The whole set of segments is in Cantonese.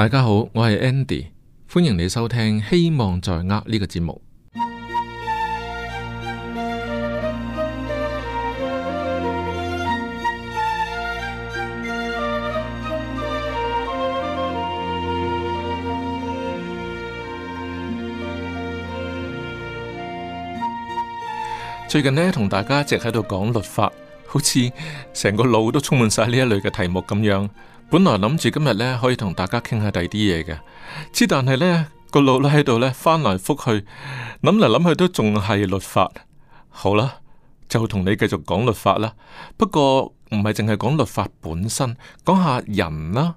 大家好，我係 Andy，歡迎你收聽《希望在握》呢個節目。最近呢，同大家一直喺度講律法，好似成個腦都充滿晒呢一類嘅題目咁樣。本來諗住今日咧可以同大家傾下第二啲嘢嘅，之但係咧個腦咧喺度咧翻來覆去諗嚟諗去都仲係律法。好啦，就同你繼續講律法啦。不過唔係淨係講律法本身，講下人啦。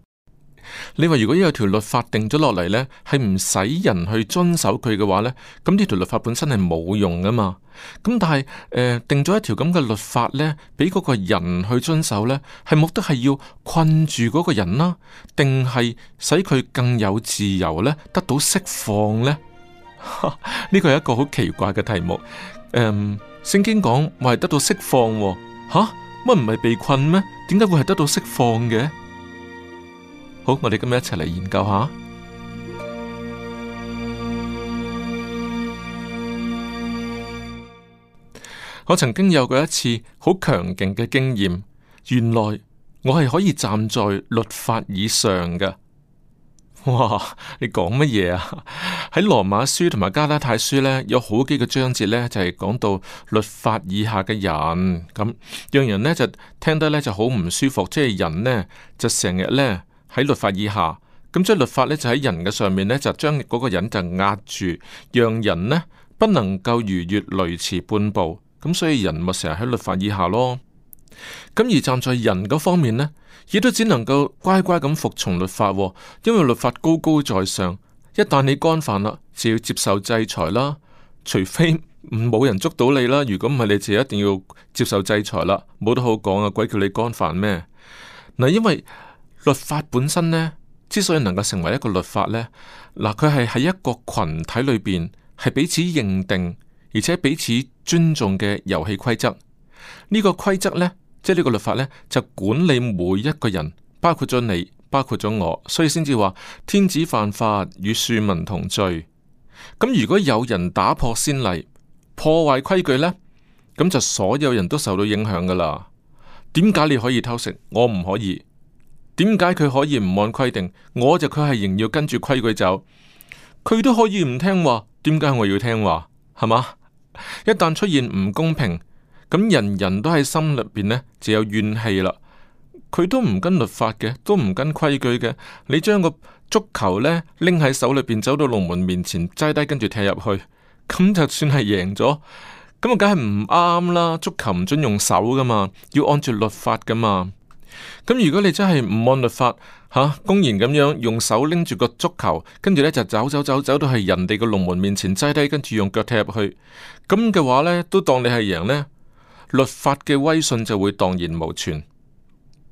你話如果有條律法定咗落嚟呢，係唔使人去遵守佢嘅話呢？咁呢條律法本身係冇用噶嘛？咁但係誒、呃，定咗一條咁嘅律法呢，俾嗰個人去遵守呢，係目的係要困住嗰個人啦，定係使佢更有自由呢？得到釋放呢？呢、這個係一個好奇怪嘅題目。誒、嗯，聖經講係得到釋放、哦，吓乜唔係被困咩？點解會係得到釋放嘅？好，我哋今日一齊嚟研究下。我曾經有過一次好強勁嘅經驗，原來我係可以站在律法以上嘅。哇！你講乜嘢啊？喺羅馬書同埋加拉太書呢，有好幾個章節呢，就係講到律法以下嘅人，咁讓人呢就聽得呢就好唔舒服，即係人呢就成日呢。喺律法以下，咁即係律法咧就喺人嘅上面咧，就將嗰個人就壓住，讓人呢不能夠逾越雷池半步。咁所以人咪成日喺律法以下咯。咁而站在人嗰方面呢，亦都只能夠乖乖咁服從律法，因為律法高高在上。一旦你干犯啦，就要接受制裁啦。除非冇人捉到你啦，如果唔係，你自己一定要接受制裁啦，冇得好講啊！鬼叫你干犯咩？嗱，因為，律法本身呢，之所以能夠成為一個律法呢，嗱，佢係喺一個群體裏邊，係彼此認定而且彼此尊重嘅遊戲規則。呢個規則呢，即係呢個律法呢，就管理每一個人，包括咗你，包括咗我，所以先至話天子犯法與庶民同罪。咁如果有人打破先例，破壞規矩呢，咁就所有人都受到影響噶啦。點解你可以偷食，我唔可以？點解佢可以唔按規定？我就佢係仍要跟住規矩走，佢都可以唔聽話。點解我要聽話？係嘛？一旦出現唔公平，咁人人都喺心裏邊呢，就有怨氣啦。佢都唔跟律法嘅，都唔跟規矩嘅。你將個足球呢，拎喺手裏邊，走到龍門面前，擠低跟住踢入去，咁就算係贏咗，咁啊梗係唔啱啦！足球唔准用手噶嘛，要按住律法噶嘛。咁如果你真係唔按律法吓，啊，公然咁樣用手拎住個足球，跟住呢就走走走走到係人哋個龍門面前擠低，跟住用腳踢入去咁嘅話呢，都當你係贏呢，律法嘅威信就會蕩然無存。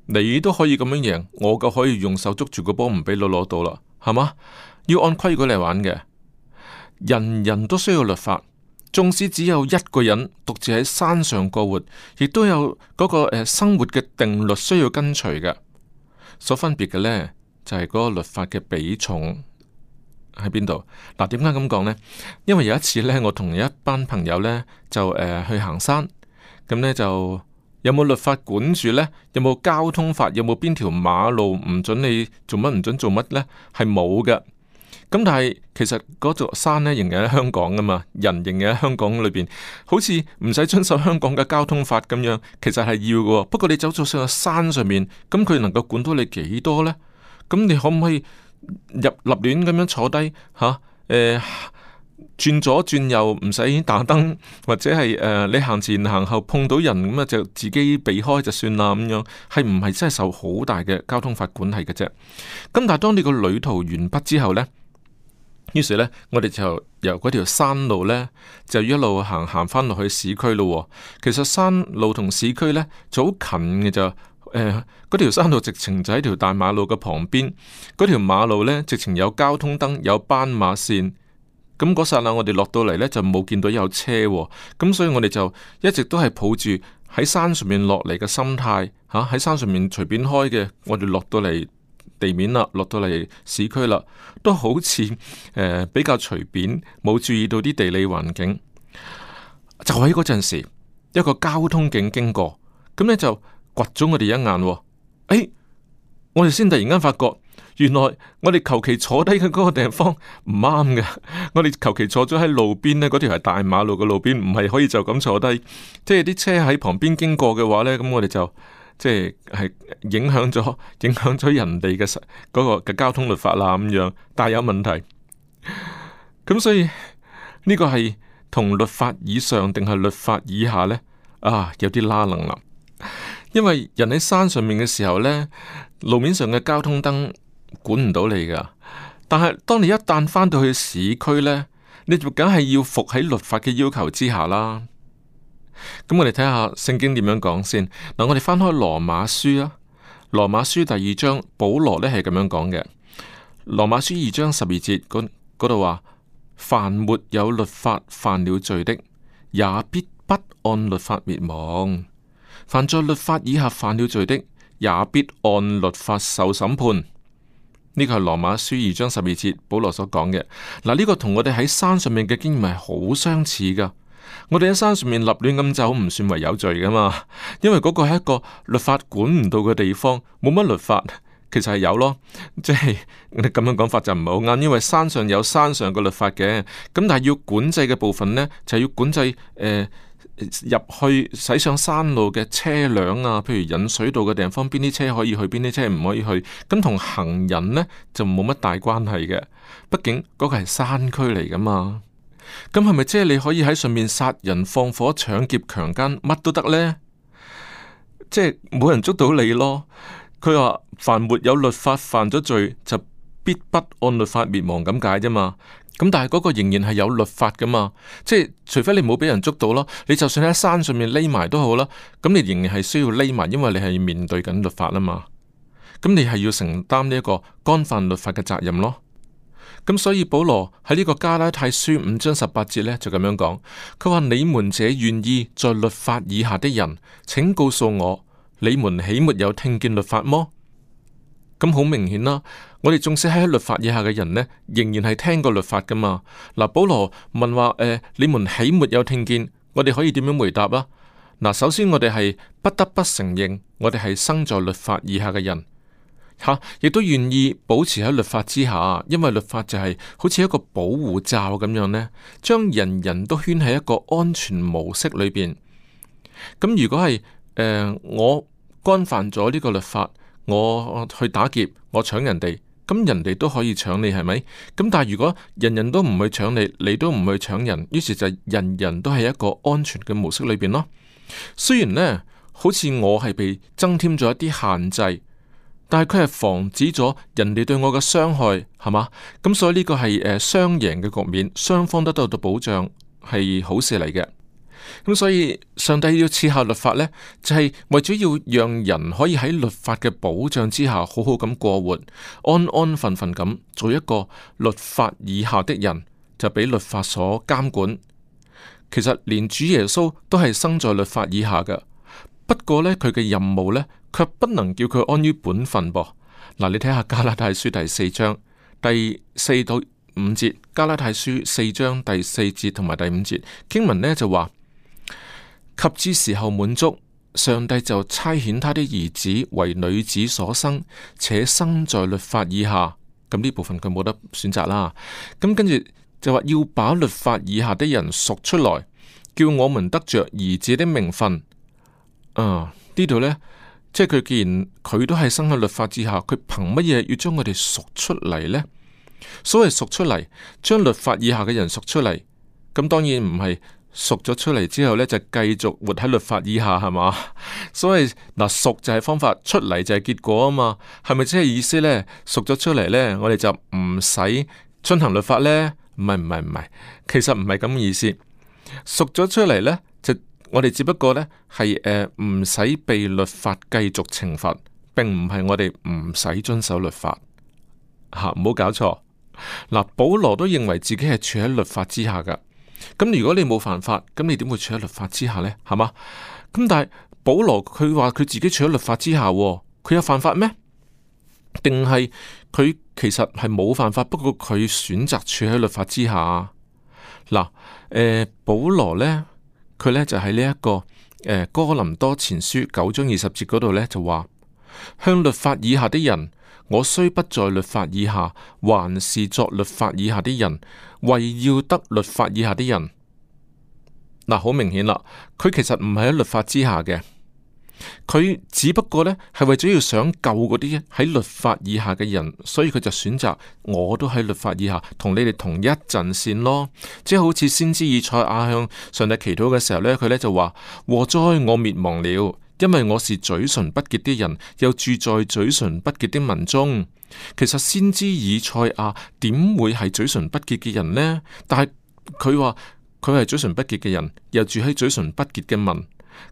你都可以咁樣贏，我就可以用手捉住個波唔俾你攞到啦，係嘛？要按規矩嚟玩嘅，人人都需要律法。縱使只有一個人獨自喺山上過活，亦都有嗰個生活嘅定律需要跟隨嘅。所分別嘅呢，就係、是、嗰個律法嘅比重喺邊度？嗱、啊，點解咁講呢？因為有一次呢，我同一班朋友呢，就誒、呃、去行山，咁呢，就有冇律法管住呢？有冇交通法？有冇邊條馬路唔准你做乜？唔准做乜呢？係冇嘅。咁但係其實嗰座山咧仍然喺香港㗎嘛，人仍然喺香港裏邊，好似唔使遵守香港嘅交通法咁樣，其實係要嘅。不過你走咗上去山上面，咁佢能夠管到你幾多呢？咁你可唔可以入立亂咁樣坐低吓？誒、啊呃、轉左轉右唔使打燈，或者係誒、呃、你行前行後碰到人咁啊就自己避開就算啦咁樣，係唔係真係受好大嘅交通法管係嘅啫？咁但係當你個旅途完畢之後呢。於是呢，我哋就由嗰條山路呢，就一路行行返落去市區咯、哦。其實山路同市區呢，就好近嘅就，嗰、呃、條山路直情就喺條大馬路嘅旁邊，嗰條馬路呢，直情有交通燈，有斑馬線。咁嗰剎那個，我哋落到嚟呢，就冇見到有車、哦，咁所以我哋就一直都係抱住喺山上面落嚟嘅心態，吓、啊、喺山上面隨便開嘅，我哋落到嚟。地面啦，落到嚟市區啦，都好似誒、呃、比較隨便，冇注意到啲地理環境。就喺嗰陣時，一個交通警經過，咁呢就掘咗我哋一眼、哦，誒、欸，我哋先突然間發覺，原來我哋求其坐低嘅嗰個地方唔啱嘅，我哋求其坐咗喺路邊呢，嗰條係大馬路嘅路邊，唔係可以就咁坐低，即係啲車喺旁邊經過嘅話呢，咁我哋就。即係影響咗，影響咗人哋嘅嗰個嘅交通律法啦咁樣，但係有問題。咁所以呢個係同律法以上定係律法以下呢？啊，有啲拉楞啦。因為人喺山上面嘅時候呢，路面上嘅交通燈管唔到你噶。但係當你一旦返到去市區呢，你就梗係要服喺律法嘅要求之下啦。咁、嗯、我哋睇下聖經點樣講先，嗱，我哋翻開羅馬書啊，羅馬書第二章保羅咧，係咁樣講嘅。羅馬書二章十二節嗰度話：凡沒有律法犯了罪的，也必不按律法滅亡；凡在律法以下犯了罪的，也必按律法受審判。呢個係羅馬書二章十二節保羅所講嘅。嗱，呢、這個同我哋喺山上面嘅經驗係好相似噶。我哋喺山上面立亂咁走，唔算為有罪噶嘛？因為嗰個係一個律法管唔到嘅地方，冇乜律法，其實係有咯。即係你咁樣講法就唔係好啱，因為山上有山上嘅律法嘅。咁但係要管制嘅部分呢，就是、要管制誒入、呃、去駛上山路嘅車輛啊，譬如引水道嘅地方，邊啲車可以去，邊啲車唔可以去。咁同行人呢，就冇乜大關係嘅，畢竟嗰個係山區嚟噶嘛。咁係咪即係你可以喺上面殺人、放火、搶劫、強姦，乜都得呢？即係冇人捉到你咯？佢話凡沒有律法，犯咗罪就必不按律法滅亡咁解啫嘛？咁但係嗰個仍然係有律法噶嘛？即係除非你冇俾人捉到咯，你就算喺山上面匿埋都好啦，咁你仍然係需要匿埋，因為你係面對緊律法啊嘛。咁你係要承擔呢一個干犯律法嘅責任咯。咁、嗯、所以保羅喺呢個加拉太書五章十八節呢，就咁樣講，佢話，你們這願意在律法以下的人，請告訴我，你們豈沒有聽見律法麼？咁、嗯、好、嗯、明顯啦，我哋縱使喺律法以下嘅人呢，仍然係聽過律法噶嘛。嗱，保羅問話誒，你們豈沒有聽見？我哋可以點樣回答啊？嗱、嗯，首先我哋係不得不承認，我哋係生在律法以下嘅人。吓，亦都願意保持喺律法之下，因為律法就係好似一個保護罩咁樣呢，將人人都圈喺一個安全模式裏邊。咁如果係誒我干犯咗呢個律法，我去打劫，我搶人哋，咁人哋都可以搶你，係咪？咁但係如果人人都唔去搶你，你都唔去搶人，於是就人人都係一個安全嘅模式裏邊咯。雖然呢，好似我係被增添咗一啲限制。但係佢係防止咗人哋對我嘅傷害，係嘛？咁所以呢個係誒雙贏嘅局面，雙方得到嘅保障係好事嚟嘅。咁所以上帝要賜下律法呢，就係、是、為咗要讓人可以喺律法嘅保障之下，好好咁過活，安安分分咁做一個律法以下的人，就俾律法所監管。其實連主耶穌都係生在律法以下嘅。不過呢佢嘅任務呢，卻不能叫佢安於本分噃。嗱，你睇下《加拉太書》第四章第四到五節，《加拉太書》四章第四節同埋第五節經文呢就話，及至時候滿足，上帝就差遣他的兒子，為女子所生，且生在律法以下。咁呢部分佢冇得選擇啦。咁跟住就話，要把律法以下的人贖出來，叫我們得着兒子的名分。呢度、嗯、呢，即係佢既然佢都係生喺律法之下，佢憑乜嘢要將我哋贖出嚟呢？所謂贖出嚟，將律法以下嘅人贖出嚟，咁當然唔係贖咗出嚟之後呢，就繼續活喺律法以下係嘛？所謂嗱，贖就係方法，出嚟就係結果啊嘛？係咪即係意思呢，贖咗出嚟呢，我哋就唔使遵行律法呢？唔係唔係唔係，其實唔係咁嘅意思，贖咗出嚟呢。我哋只不過咧，係誒唔使被律法繼續懲罰，並唔係我哋唔使遵守律法吓，啊，唔好搞錯。嗱，啊，保羅都認為自己係處喺律法之下噶。咁如果你冇犯法，咁你點會處喺律法之下呢？係嘛？咁但係保羅佢話佢自己處喺律法之下，佢有犯法咩？定係佢其實係冇犯法，不過佢選擇處喺律法之下。嗱，啊啊，保羅呢。佢呢就喺呢一個誒、呃、哥林多前書九章二十節嗰度呢，就話，向律法以下的人，我雖不在律法以下，還是作律法以下的人，為要得律法以下的人。嗱、呃，好明顯啦，佢其實唔係喺律法之下嘅。佢只不過呢係為咗要想救嗰啲喺律法以下嘅人，所以佢就選擇我都喺律法以下，同你哋同一陣綫咯。即係好似先知以賽亞向上帝祈禱嘅時候呢，佢呢就話：「禍哉我滅亡了，因為我是嘴唇不潔的人，又住在嘴唇不潔的民中。」其實先知以賽亞點會係嘴唇不潔嘅人呢？但係佢話佢係嘴唇不潔嘅人，又住喺嘴唇不潔嘅民。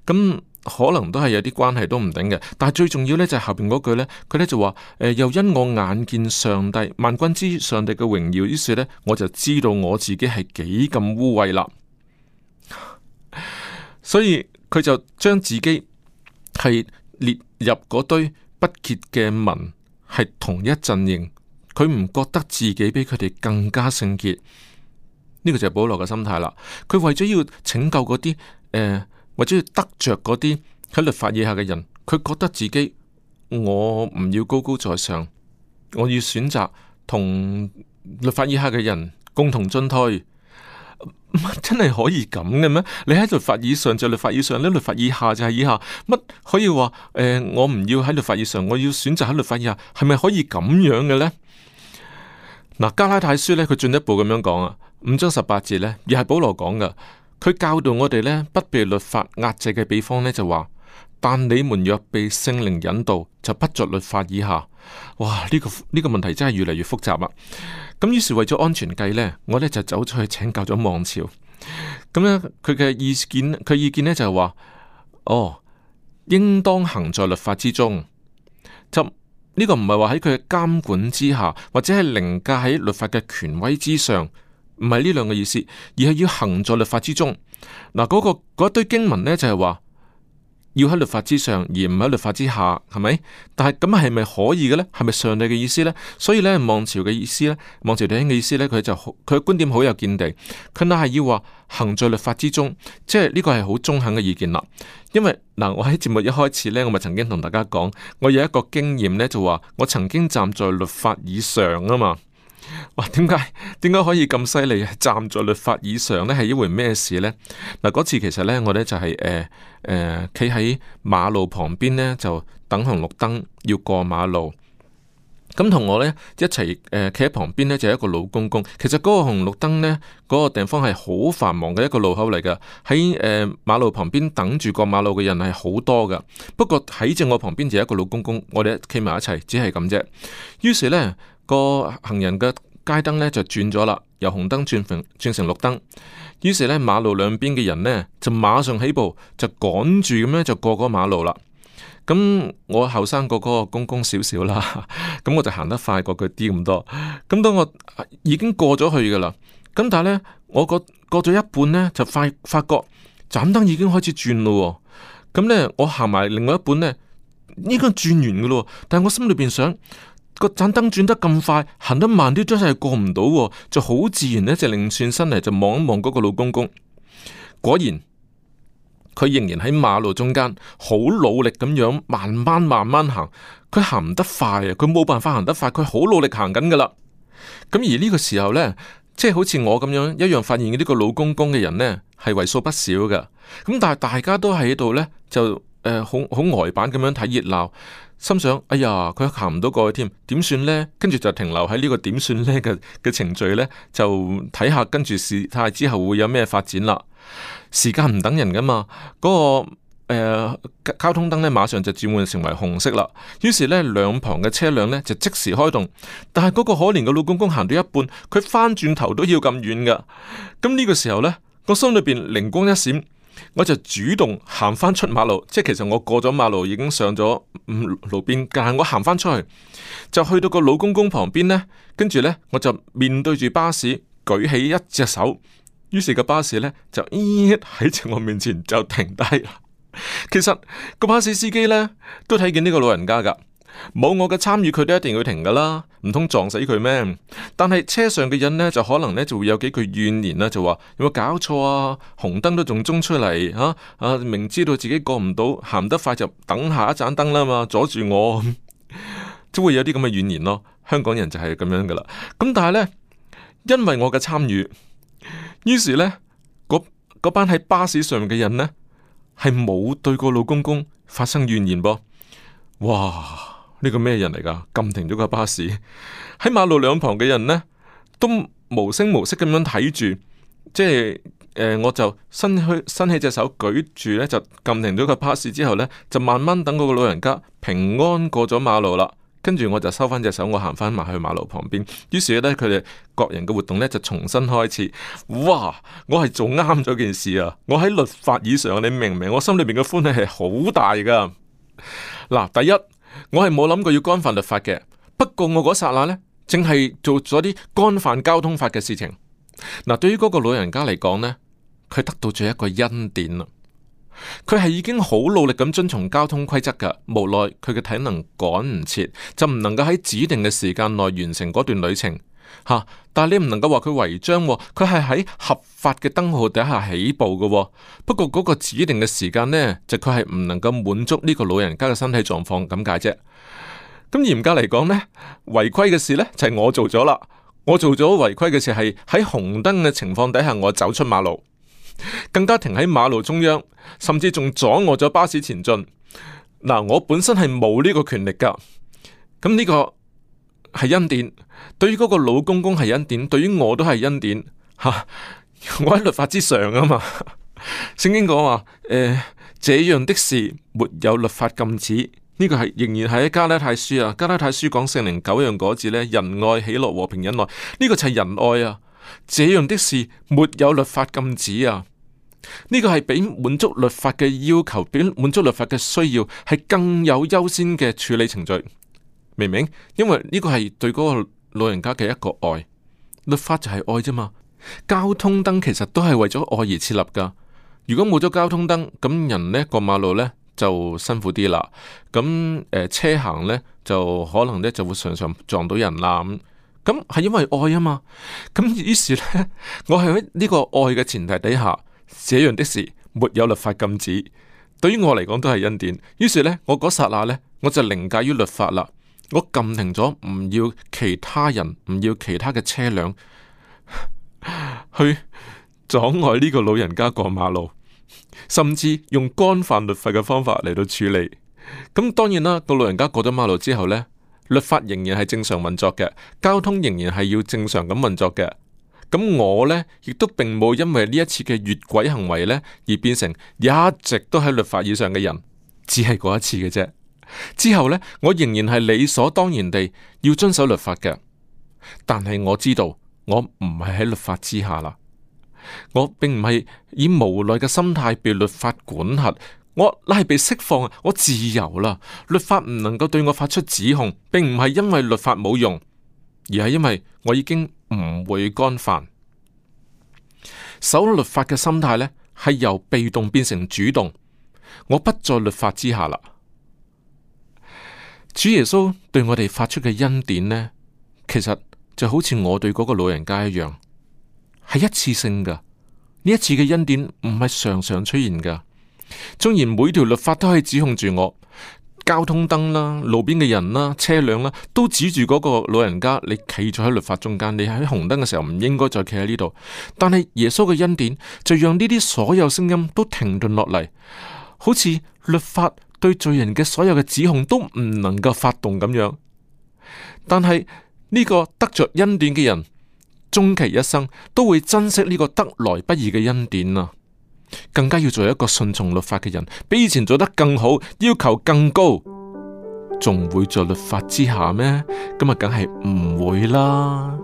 咁可能都係有啲關係都唔定嘅，但係最重要呢，就係後邊嗰句呢。佢呢就話、呃：又因我眼見上帝萬軍之上帝嘅榮耀，於是呢，我就知道我自己係幾咁污穢啦。所以佢就將自己係列入嗰堆不潔嘅民，係同一陣營，佢唔覺得自己比佢哋更加聖潔。呢、這個就係保羅嘅心態啦。佢為咗要拯救嗰啲或者要得着嗰啲喺律法以下嘅人，佢覺得自己我唔要高高在上，我要選擇同律法以下嘅人共同進退。乜真係可以咁嘅咩？你喺律法以上就律法以上，你律法以下就係以下。乜可以話誒、欸？我唔要喺律法以上，我要選擇喺律法以下，係咪可以咁樣嘅呢？嗱，加拉太書呢，佢進一步咁樣講啊，五章十八節呢，亦係保羅講噶。佢教導我哋呢，不被律法壓制嘅比方呢，就話：但你們若被聖靈引導，就不在律法以下。哇！呢個呢個問題真係越嚟越複雜啦。咁於是為咗安全計呢，我呢就走出去請教咗望潮。咁咧，佢嘅意見，佢意見呢就係話：哦，應當行在律法之中。就呢個唔係話喺佢嘅監管之下，或者係凌駕喺律法嘅權威之上。唔係呢兩個意思，而係要行在律法之中。嗱、那個，嗰個嗰一堆經文呢，就係話要喺律法之上，而唔喺律法之下，係咪？但係咁係咪可以嘅呢？係咪上帝嘅意思呢？所以呢，望朝嘅意，意思呢？望朝弟兄嘅意思呢？佢就佢嘅觀點好有見地。佢硬係要話行在律法之中，即係呢個係好中肯嘅意見啦。因為嗱、呃，我喺節目一開始呢，我咪曾經同大家講，我有一個經驗呢，就話我曾經站在律法以上啊嘛。話點解點解可以咁犀利？站在律法以上呢係因為咩事呢？嗱，嗰次其實呢、就是，我呢就係誒誒，企、呃、喺馬路旁邊呢，就等紅綠燈要過馬路。咁同我呢，一齊誒、企、呃、喺旁邊呢，就係、一個老公公。其實嗰個紅綠燈呢，嗰、嗰個地方係好繁忙嘅一個路口嚟噶。喺誒、呃、馬路旁邊等住過馬路嘅人係好多噶。不過喺正我旁邊就一個老公公，我哋企埋一齊，只係咁啫。於是呢。個行人嘅街燈呢就轉咗啦，由紅燈轉成轉成綠燈，於是呢，馬路兩邊嘅人呢就馬上起步，就趕住咁樣就過嗰馬路啦。咁、嗯、我後生個嗰公公少少啦，咁、嗯、我就行得快過佢啲咁多。咁、嗯、當我已經過咗去噶啦，咁、嗯、但係呢，我過過咗一半呢，就快發覺盞燈已經開始轉咯。咁、嗯、呢，我行埋另外一半呢，應該轉完噶咯，但係我心裏邊想。個盞燈轉得咁快，行得慢啲真係過唔到，就好自然呢，就擰轉身嚟，就望一望嗰個老公公。果然，佢仍然喺馬路中間，好努力咁樣慢慢慢慢行。佢行唔得快啊，佢冇辦法行得快，佢好努力行緊噶啦。咁而呢個時候呢，即係好似我咁樣，一樣發現呢個老公公嘅人呢，係為數不少噶。咁但係大家都喺度呢，就。誒，好好呆板咁樣睇熱鬧，心想：哎呀，佢行唔到過去添，點算呢？跟住就停留喺呢個點算呢嘅嘅程序呢，就睇下跟住事態之後會有咩發展啦。時間唔等人噶嘛嗰個誒交通燈呢，馬上就轉換成為紅色啦。於是呢，兩旁嘅車輛呢就即時開動，但係嗰個可憐嘅老公公行到一半，佢翻轉頭都要咁遠噶。咁呢個時候呢，我心裏邊靈光一閃。我就主動行返出馬路，即係其實我過咗馬路已經上咗五路邊，但係我行返出去就去到個老公公旁邊呢。跟住呢，我就面對住巴士舉起一隻手，於是個巴士呢，就咦喺我面前就停低啦。其實個巴士司機呢，都睇見呢個老人家㗎。冇我嘅參與，佢都一定要停噶啦，唔通撞死佢咩？但係車上嘅人呢，就可能呢就會有幾句怨言啦，就話有冇搞錯啊？紅燈都仲衝出嚟啊！啊，明知道自己過唔到，行得快就等下一盞燈啦嘛，阻住我，都 會有啲咁嘅怨言咯。香港人就係咁樣噶啦。咁但係呢，因為我嘅參與，於是呢，嗰班喺巴士上面嘅人呢，係冇對個老公公發生怨言噃。哇！呢個咩人嚟噶撳停咗個巴士，喺馬路兩旁嘅人呢，都無聲無息咁樣睇住，即係誒、呃，我就伸去伸起隻手舉住呢，就撳停咗個巴士之後呢，就慢慢等嗰個老人家平安過咗馬路啦。跟住我就收翻隻手，我行翻埋去馬路旁邊。於是呢，佢哋各人嘅活動呢，就重新開始。哇！我係做啱咗件事啊！我喺律法以上，你明唔明？我心裏面嘅歡喜係好大噶。嗱，第一。我係冇諗過要干犯律法嘅，不過我嗰剎那呢，淨係做咗啲干犯交通法嘅事情。嗱、啊，對於嗰個老人家嚟講呢，佢得到咗一個恩典啦。佢係已經好努力咁遵從交通規則噶，無奈佢嘅體能趕唔切，就唔能夠喺指定嘅時間內完成嗰段旅程。吓、啊！但係你唔能夠話佢違章、哦，佢係喺合法嘅燈號底下起步嘅、哦。不過嗰個指定嘅時間呢，就佢係唔能夠滿足呢個老人家嘅身體狀況咁解啫。咁、嗯、嚴格嚟講呢，違規嘅事呢就係、是、我做咗啦。我做咗違規嘅事係喺紅燈嘅情況底下，我走出馬路，更加停喺馬路中央，甚至仲阻礙咗巴士前進。嗱，我本身係冇呢個權力噶。咁呢個係恩典。對於嗰個老公公係恩典，對於我都係恩典，吓、啊，我喺律法之上啊嘛。聖經講話，誒、欸，這樣的事沒有律法禁止，呢、這個係仍然係喺加拉太書啊。加拉太書講聖靈九樣果子呢：「仁愛、喜樂、和平、忍耐，呢個就係仁愛啊。這樣的事沒有律法禁止啊，呢、這個係比滿足律法嘅要求，比滿足律法嘅需要係更有優先嘅處理程序。明唔明？因為呢個係對嗰、那個。老人家嘅一個愛，律法就係愛啫嘛。交通燈其實都係為咗愛而設立噶。如果冇咗交通燈，咁人呢過馬路呢就辛苦啲啦。咁誒、呃，車行呢就可能呢就會常常撞到人啦。咁咁係因為愛啊嘛。咁於是呢，我係喺呢個愛嘅前提底下，這樣的事沒有律法禁止，對於我嚟講都係恩典。於是呢，我嗰剎那呢，我就凌駕於律法啦。我禁停咗，唔要其他人，唔要其他嘅車輛去阻礙呢個老人家過馬路，甚至用干犯律法嘅方法嚟到處理。咁當然啦，個老人家過咗馬路之後咧，律法仍然係正常運作嘅，交通仍然係要正常咁運作嘅。咁我咧亦都並冇因為呢一次嘅越軌行為咧而變成一直都喺律法以上嘅人，只係嗰一次嘅啫。之後呢，我仍然係理所當然地要遵守律法嘅，但係我知道我唔係喺律法之下啦。我並唔係以無奈嘅心態被律法管轄，我係被釋放，我自由啦。律法唔能夠對我發出指控，並唔係因為律法冇用，而係因為我已經唔會干犯。守律法嘅心態呢，係由被動變成主動，我不在律法之下啦。主耶穌對我哋發出嘅恩典呢，其實就好似我對嗰個老人家一樣，係一次性噶。呢一次嘅恩典唔係常常出現噶。縱然每條律法都可以指控住我，交通燈啦、路邊嘅人啦、車輛啦，都指住嗰個老人家，你企咗喺律法中間，你喺紅燈嘅時候唔應該再企喺呢度。但係耶穌嘅恩典就讓呢啲所有聲音都停頓落嚟，好似律法。對罪人嘅所有嘅指控都唔能夠發動咁樣，但係呢、這個得着恩典嘅人，終其一生都會珍惜呢個得來不易嘅恩典啦、啊，更加要做一個順從律法嘅人，比以前做得更好，要求更高，仲會在律法之下咩？咁啊，梗係唔會啦。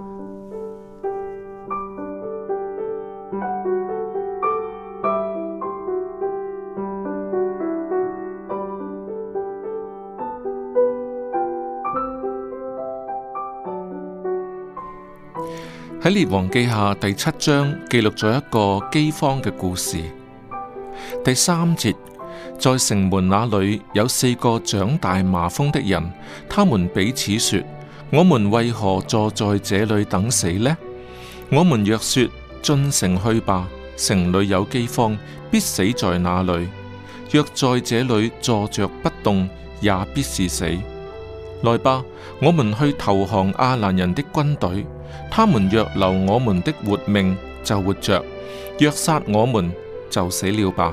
喺《列王記下》第七章記錄咗一個饑荒嘅故事。第三節，在城門那裏有四個長大麻風的人，他們彼此說：我們為何坐在這裏等死呢？我們若說，進城去吧，城裏有饑荒，必死在那裏；若在這裏坐着不動，也必是死。來吧，我們去投降亞蘭人的軍隊。他們若留我們的活命，就活着；若殺我們，就死了吧。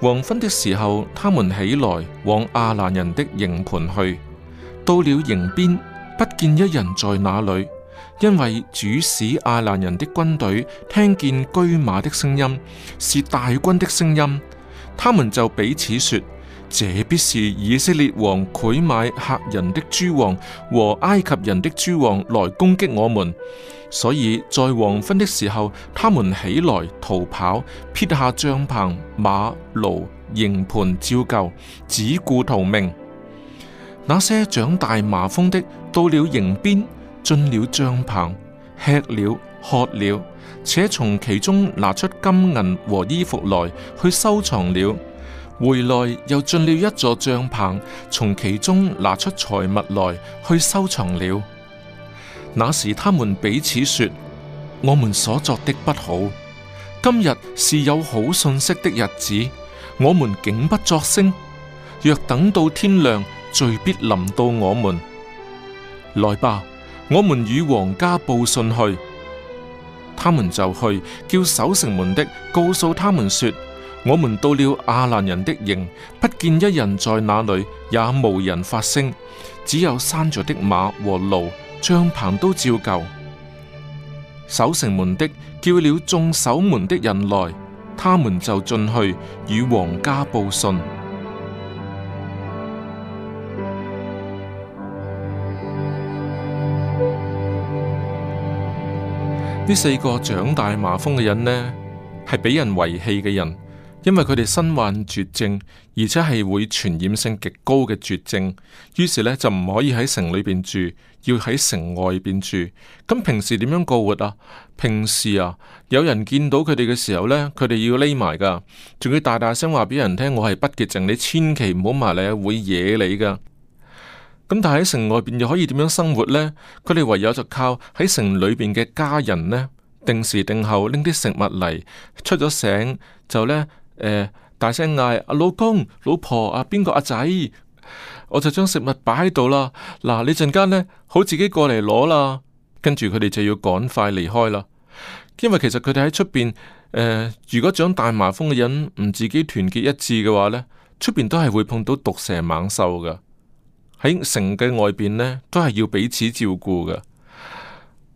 黃昏的時候，他們起來往阿蘭人的營盤去。到了營邊，不見一人在那裏，因為主使阿蘭人的軍隊聽見車馬的聲音，是大軍的聲音。他們就彼此說。這必是以色列王賄買赫人的諸王和埃及人的諸王來攻擊我們，所以在黃昏的時候，他們起來逃跑，撇下帳篷、馬、驢、營盤，照舊，只顧逃命，那些長大麻風的到了營邊，進了帳篷，吃了喝了，且從其中拿出金銀和衣服來去收藏了。回來又進了一座帳篷，從其中拿出財物來去收藏了。那時他們彼此說：我們所作的不好，今日是有好信息的日子，我們竟不作聲。若等到天亮，罪必臨到我們。來吧，我們與王家報信去。他們就去叫守城門的，告訴他們說。我們到了阿蘭人的營，不見一人在那裏，也無人發聲，只有拴着的馬和驢，帳篷都照舊。守城門的叫了眾守門的人來，他們就進去與王家報信。呢四個長大麻風嘅人呢，係俾人遺棄嘅人。因為佢哋身患絕症，而且係會傳染性極高嘅絕症，於是呢就唔可以喺城裏邊住，要喺城外邊住。咁平時點樣過活啊？平時啊，有人見到佢哋嘅時候呢，佢哋要匿埋噶，仲要大大聲話俾人聽，我係不潔症，你千祈唔好埋嚟，會惹你噶。咁但喺城外邊又可以點樣生活呢？佢哋唯有就靠喺城裏邊嘅家人呢，定時定候拎啲食物嚟，出咗醒就呢。呃、大聲嗌，阿、啊、老公、老婆、阿、啊、邊個、阿、啊、仔，我就將食物擺喺度啦。嗱，你陣間呢，好自己過嚟攞啦。跟住佢哋就要趕快離開啦，因為其實佢哋喺出邊，如果長大麻風嘅人唔自己團結一致嘅話呢，出邊都係會碰到毒蛇猛獸嘅。喺城嘅外邊呢，都係要彼此照顧嘅。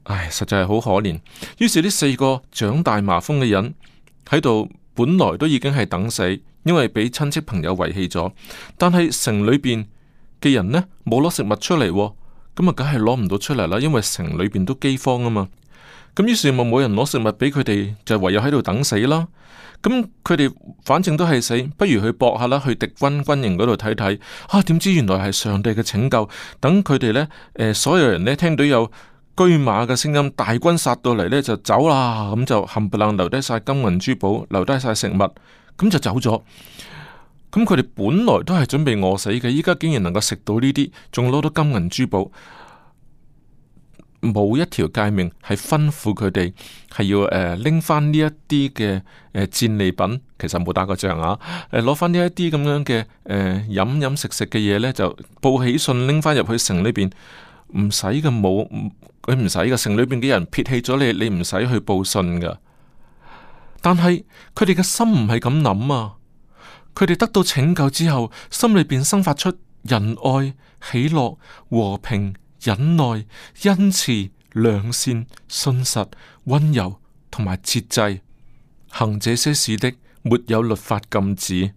唉，實在係好可憐。於是呢四個長大麻風嘅人喺度。本來都已經係等死，因為俾親戚朋友遺棄咗，但係城裏邊嘅人呢，冇攞食物出嚟。哦，咁啊，梗係攞唔到出嚟啦，因為城裏邊都饑荒啊嘛。咁於是咪冇人攞食物俾佢哋，就唯有喺度等死啦。咁佢哋反正都係死，不如去搏下啦，去敵軍軍營嗰度睇睇。啊，點知原來係上帝嘅拯救，等佢哋呢，誒、呃，所有人呢，聽到有車馬嘅聲音，大軍殺到嚟，呢就走啦，咁就冚唪唥留低晒金銀珠寶，留低晒食物，咁就走咗。咁佢哋本來都係準備餓死嘅，依家竟然能夠食到呢啲，仲攞到金銀珠寶，冇一條誡命係吩咐佢哋係要誒拎翻呢一啲嘅誒戰利品。其實冇打過仗啊，誒攞翻呢一啲咁樣嘅誒飲飲食食嘅嘢呢，就報喜信拎翻入去城裏邊。唔使嘅，冇，佢唔使嘅，城裏邊嘅人撇棄咗你，你唔使去報信噶。但係佢哋嘅心唔係咁諗啊。佢哋得到拯救之後，心裏邊生發出仁愛、喜樂、和平、忍耐、恩慈、良善、信實、溫柔同埋節制，行這些事的沒有律法禁止。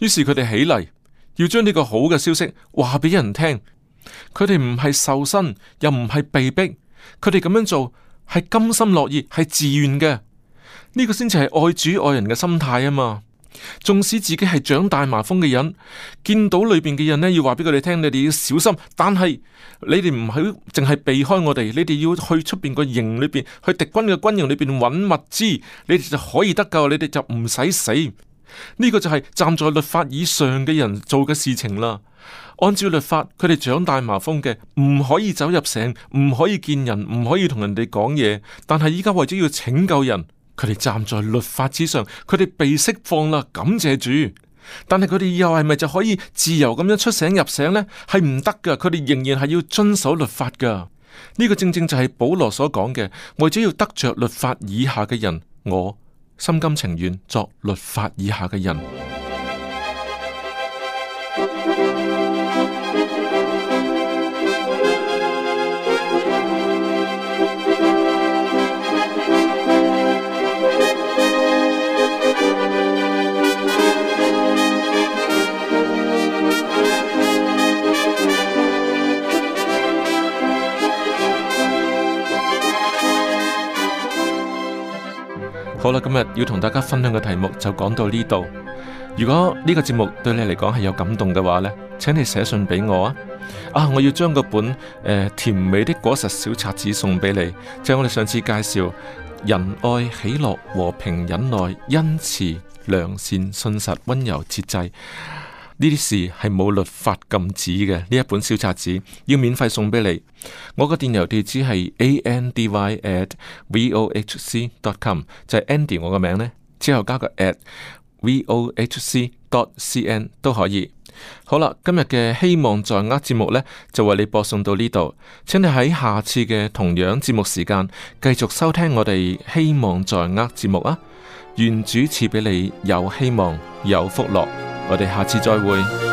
於是佢哋起嚟，要將呢個好嘅消息話俾人聽。佢哋唔係受身，又唔係被逼，佢哋咁樣做係甘心樂意，係自願嘅。呢個先至係愛主愛人嘅心態啊嘛！縱使自己係長大麻風嘅人，見到裏邊嘅人呢，要話俾佢哋聽，你哋要小心。但係你哋唔係淨係避開我哋，你哋要去出邊個營裏邊，去敵軍嘅軍營裏邊揾物資，你哋就可以得救，你哋就唔使死。呢個就係站在律法以上嘅人做嘅事情啦。按照律法，佢哋長大麻風嘅，唔可以走入城，唔可以見人，唔可以同人哋講嘢。但係依家為咗要拯救人，佢哋站在律法之上，佢哋被釋放啦，感謝主。但係佢哋以後又係咪就可以自由咁樣出城入城呢？係唔得噶，佢哋仍然係要遵守律法噶。呢個正正就係保羅所講嘅，為咗要得着律法以下嘅人，我。心甘情願作律法以下嘅人。好啦，今日要同大家分享嘅題目就講到呢度。如果呢個節目對你嚟講係有感動嘅話咧，請你寫信俾我啊！啊，我要將個本誒甜美的果實小冊子送俾你，就係我哋上次介紹仁愛、喜樂、和平、忍耐、恩慈、良善、信實、溫柔、節制。呢啲事係冇律法禁止嘅，呢一本小冊子要免費送俾你。我個電郵地址係 andy@vohc.com 就係 Andy 我個名呢，之後加個 @vohc.cn 都可以。好啦，今日嘅希望在握節目呢，就為你播送到呢度，請你喺下次嘅同樣節目時間繼續收聽我哋希望在握節目啊！願主持俾你有希望，有福樂。我哋下次再會。